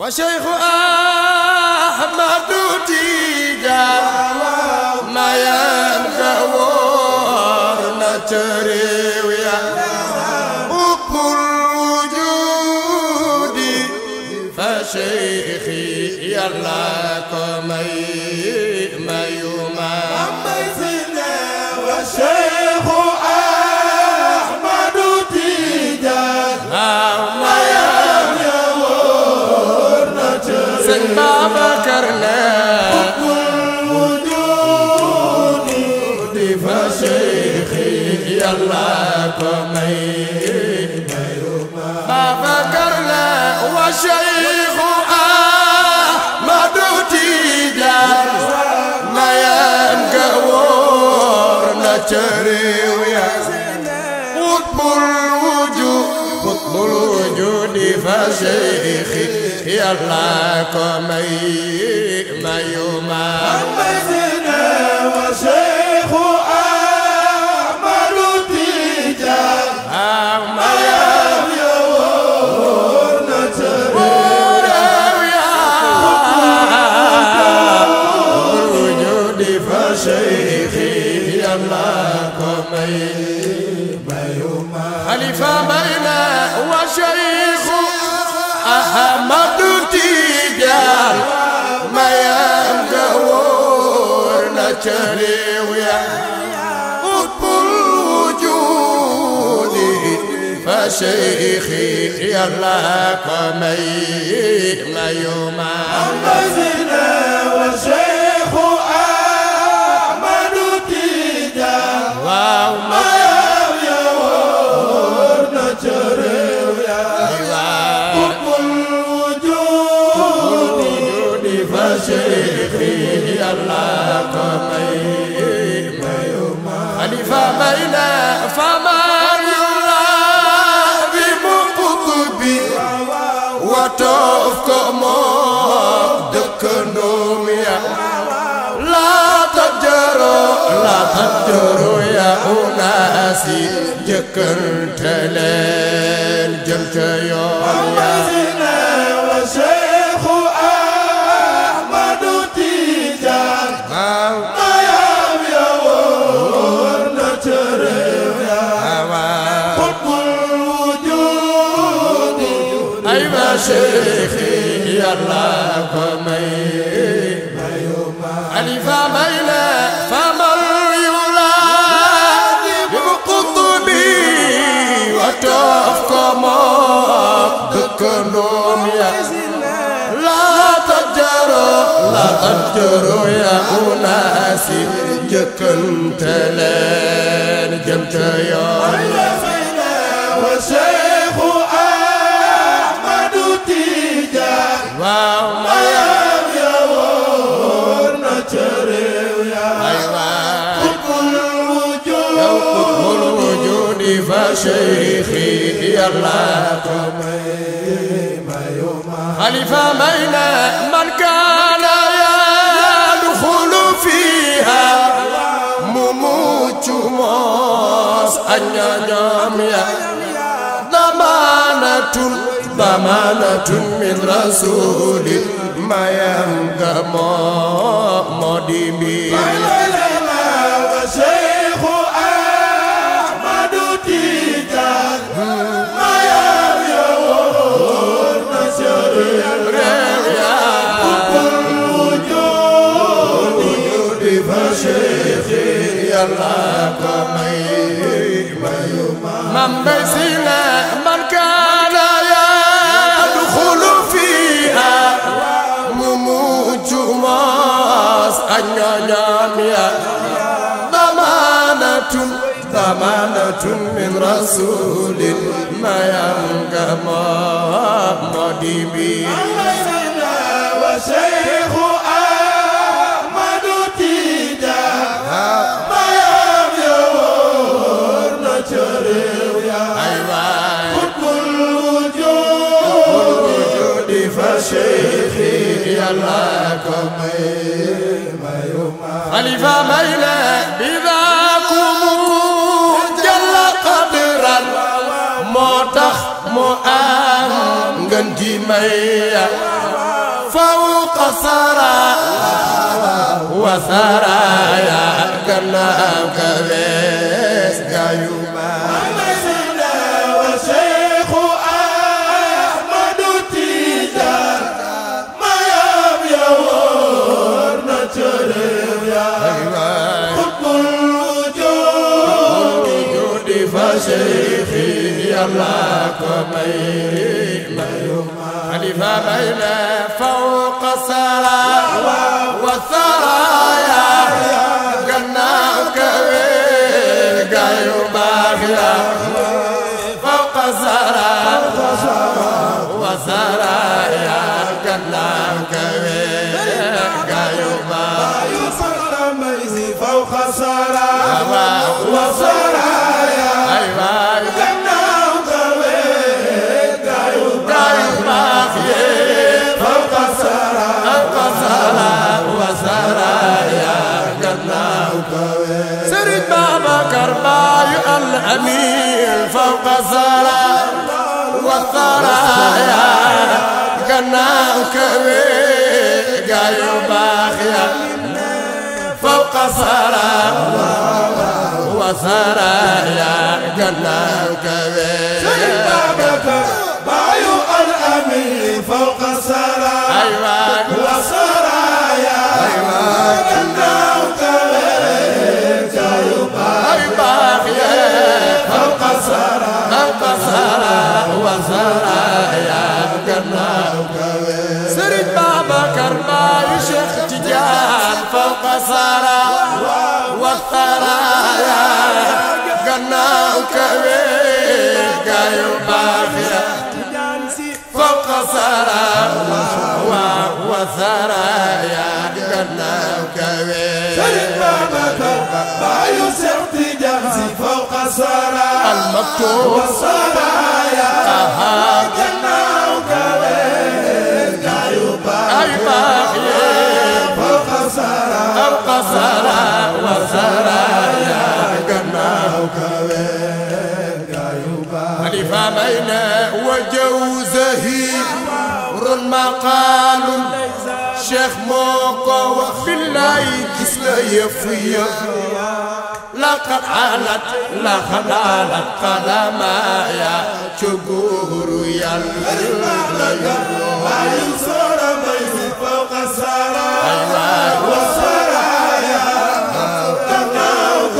wa Cheikh Ahmadou Ti là có mây تهلي ويا قطب الوجود فشيخي قمي ما يوما وشيخ أحمد تيجا أبتروا يا أناسي ذكرت تلين جمت يوم يا وشيخ أحمد تيجان أيام يور الوجود أيما شيخي الله فمي ألفا ميلا فمي dëkkandoom ya laata jaroo laata jaroo ya unaasi jëkkante leen jëm ca yoon wa Seexu Ahmadu Tijaan waaw mayam ya woon na ca réew ya qutbul wujuud qutbul wujuud fa Seexi Yàlla ko may ألف بين من كان يدخل فيها مموت موس أن يا ضمانة ضمانة من رسول ما يمكن ما مدمي mam bay si la man kaana yadxulu fiha mu muccu moos ak ñooñoom ya damanatun damanatun min rasulin mayam nga moo moo di bi wa shaykhun جلاكم ما يوما خليفة ميلة بذاكم جل قدرا موتخ مؤام غندي ميا فوق سرى وسرايا كنا كبيس قايو خليفة بين فوق سرى وثرايا طلايا الأمير فوق الثرى يا قنا وكبير قايو باخيا فوق والثرى يا قنا وكبير بايو الأمير فوق الثرى أيوة والسرايا المكتوب يا جنة وكلام أيوب أيوب فوق السرايا فوق السرايا والسرايا جنة وكلام أيوب يباغي خليفة بين وجوزه رن مقال شيخ موقع وخلاي كسلا يفيا قد قرالت لا خلالت قلما يا شقور يا وينصر بيتي فوق السراء والسرايا تقاوت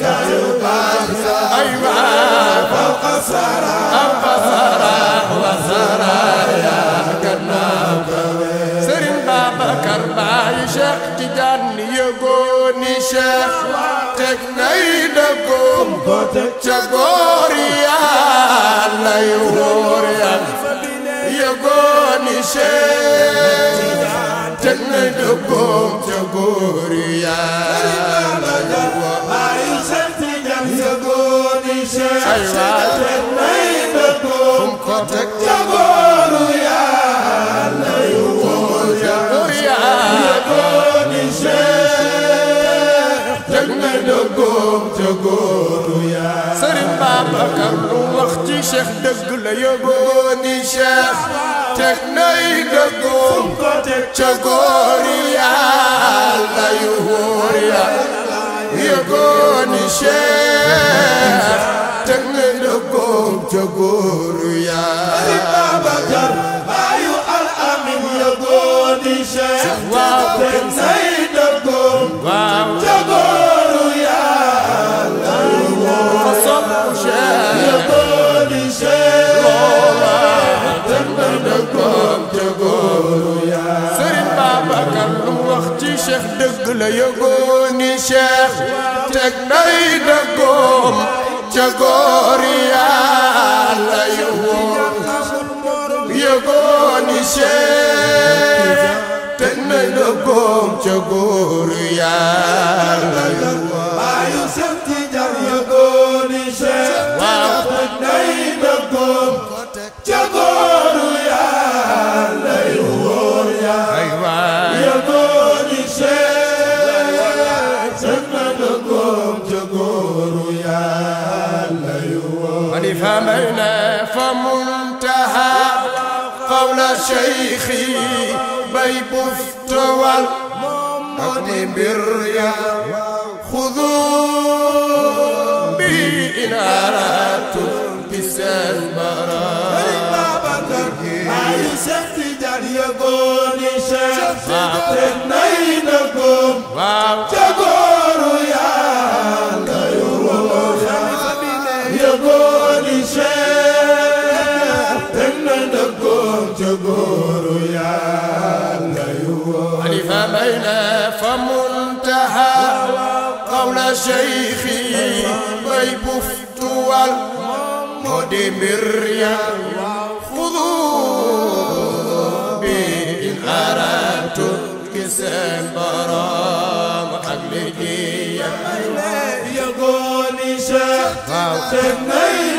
كالبحر أيوة فوق السراء وسرايا cheikh teg nay dëggoom ca góor yàlla yu wóor yàlla yëgooni cheikh teg nay dëggoom ca góor yàlla yu wóor yàlla yëgooni cheikh teg nay dëggoom ca na góoru yaa sëriñ Babacar lu wax ci cheikh dëgg la yóbboo ni cheikh teg nay dëggoom ca góoru yàlla yu wóor ya yóbboo ni cheikh teg nay dëggoom ca góoru yaa sëriñ Babacar baayu al amin yóbboo ni cheikh teg nay woon ca góoru yaa lu wax ci cheikh dëgg la yëgoon ni cheikh nay dëggoom ca yaa la yëgoon yëgoon ni nay dëggoom ca yaa la yëgoon همينا فمنتهى قول شيخي بيبفت والمؤمن بريا خذوا بي إن أردتم المرى يقولي شيخ يا شيخ تمنا نقوم تقول يا ليو عرف بين فمنتهى قول شيخي ويبفت والمدمر يا خذوا بي إن أردت كسب برام حقلقي يا يقول شيخ تمنا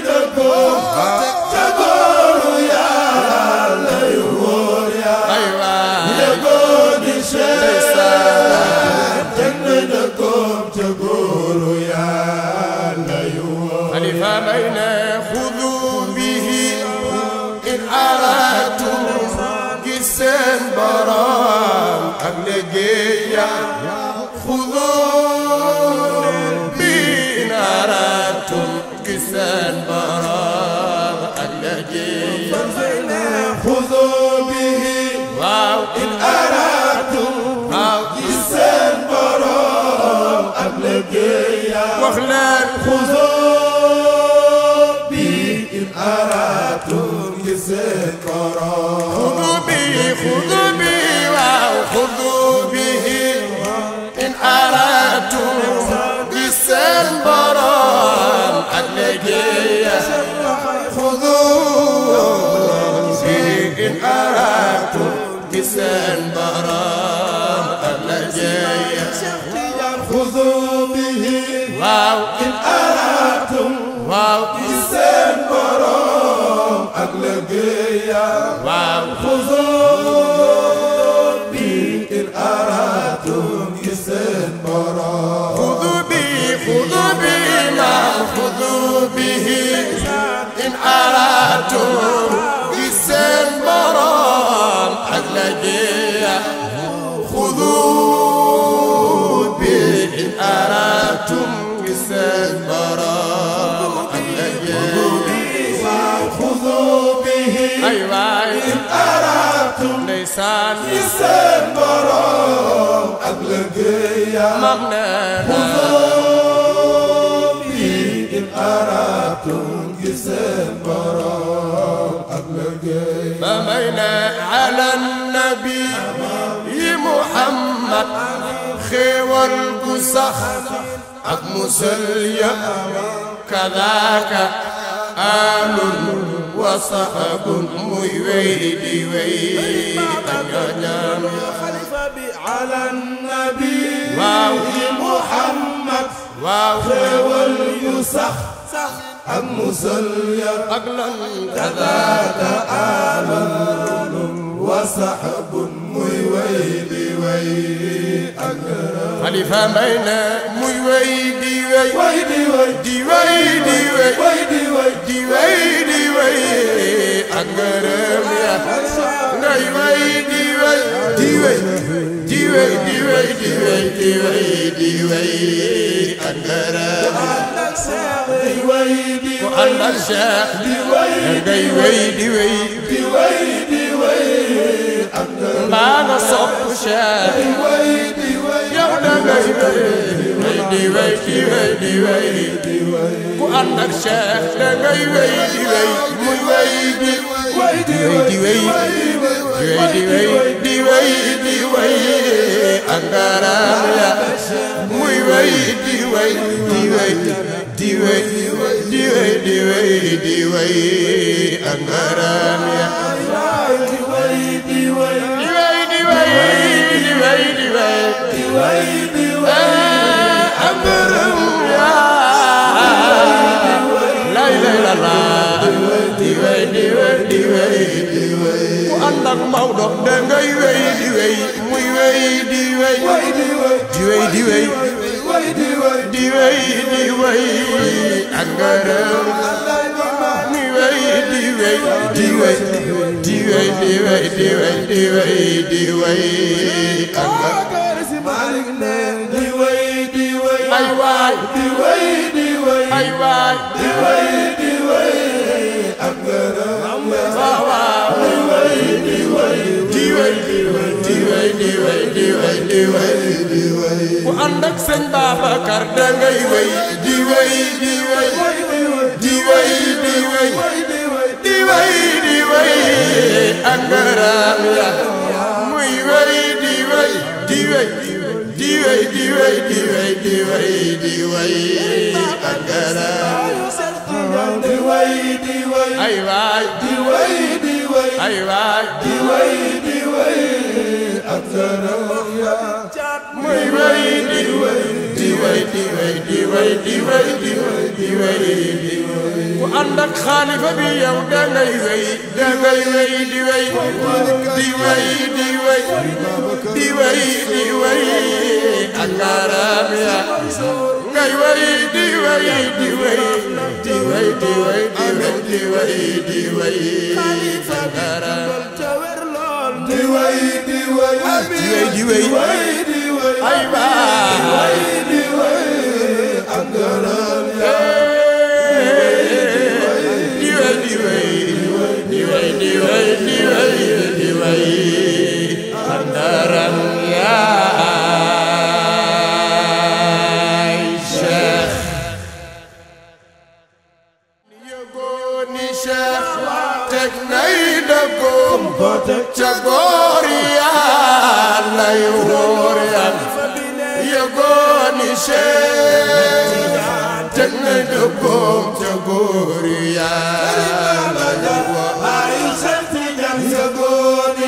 به خذوا بي به إن أردتم قسم برام أدلقية خذوا به إن أردتم قسم برام أدلقية خذوا به واو إن أردتم واو قسم برام أدلقية واو خذوا حياته قسم مرام حلقية خذوا به إن أردتم قسم مرام حلقية خذوا به أيوة إن أيوة. أردتم لسان قسم مرام حلقية مغنى المرام على النبي محمد خيوان قسخ أك مسلية كذاك آل وصحب ميويدي ويدي على النبي واو محمد واو خيوان قسخ هم سليا عقلا كذا تآمل وصحب muy way di way ak xalifa mbay na muy way di way way di way di way di way way di way di way di way ak ويدي ويدي ويدي ويدي ويدي ويدي وعلى الشاق ويدي ويدي ويدي ويدي ويدي ما نصب شاق ويدي ويدي ويدي ويدي ويدي وعندك شاق ويدي ويدي ويدي ويدي ويدي ويدي ويدي ويدي كراميا ويوي ديوي ديوي ديوي ديوي ديوي ديوي كراميا ديوي ديوي ديوي ديوي ديوي أمرهم يا لا إله إلا الله ديوي ديوي ديوي ديوي ndax Maodo da ngay wéy di wéy muy wéy di wéy di wéy di wéy di wéy di wéy di wéy ak ngërëm di wéy di wéy di wéy di wéy di wéy di wéy di wéy di wéy ak ngërëm ay waay di wéy di wéy ay waay di wéy di wéy way di way di way di way di way ku ànd ak sëñ Babacar da ngay way di way di way di way di way di way di way ak ngërëm ya muy way di way di way di way di way di way di way di way ak ngërëm di way di way ay waay di way di way ay waay di way di way xaalifa bi yow dangay wéy dangay wéy di wéy di wéy di wéy di wéy di wéy ak ngaaraam ah. ya ngay wéy di wéy di wéy di wéy di wéy di wéy di wéy di wéy ak ngaaraam di way di way di way di way ay waay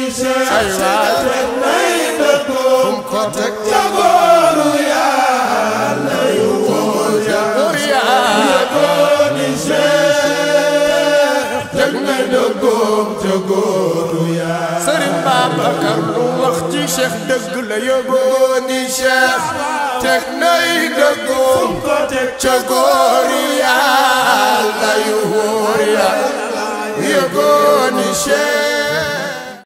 يا ليوجا يكون شيخ تقمنكم تقول يا سرم بابكر وقتي شيخ دق ليبوني شيخ تقني دقوم تقول يا ليوجا يكون شيخ